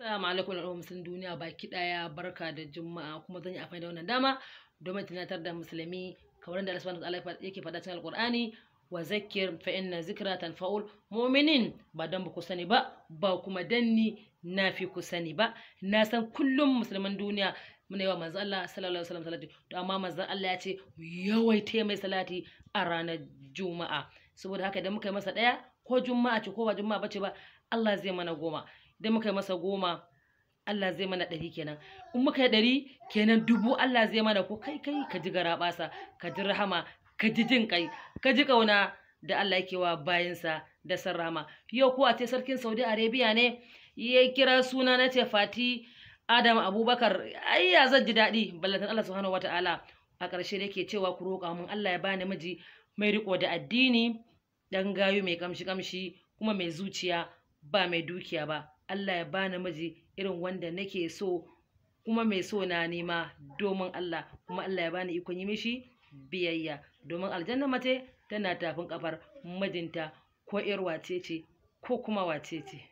Assalamu alaikum wa musulun duniya baki daya barka da juma'a kuma zan yi afai da wannan dama domin tunatar da musulmi kamar da Allah subhanahu wa yake faɗa cikin Alƙur'ani wa zakkir fa inna zikra tanfa'ul mu'minin ba dan ku sani ba ba kuma danni na fi ku sani ba na san kullum musulman duniya muna yawa manzo Allah sallallahu alaihi wasallam salati to amma manzo Allah ya ce yawaita mai salati a ranar juma'a saboda haka idan muka yi masa daya ko juma'a ce ko ba juma'a bace ba Allah zai mana goma dai muka yi masa goma Allah zai mana ɗari kenan in muka yi ɗari kenan dubu Allah zai mana ko kai kai ka ji gara basa ka ji rahama ka ji jin kai ka ji ƙauna da Allah yake wa bayansa da sarrama yau ko ce sarkin Saudi Arabia ne ya kira suna na ce Fati Adam Abubakar ai ya zan ji daɗi ballatan Allah subhanahu ta'ala a ƙarshe yake cewa ku roƙa mun Allah ya bani miji mai riko da addini dan gayu mai kamshi kamshi kuma mai zuciya ba mai dukiya ba Allah ya ba namiji irin wanda nake so kuma mai so na nema domin Allah kuma Allah ya bani ikon yi mishi biyayya domin aljanna mace tana tafin kafar mijinta ko 'yar wace ce ko kuma wace ce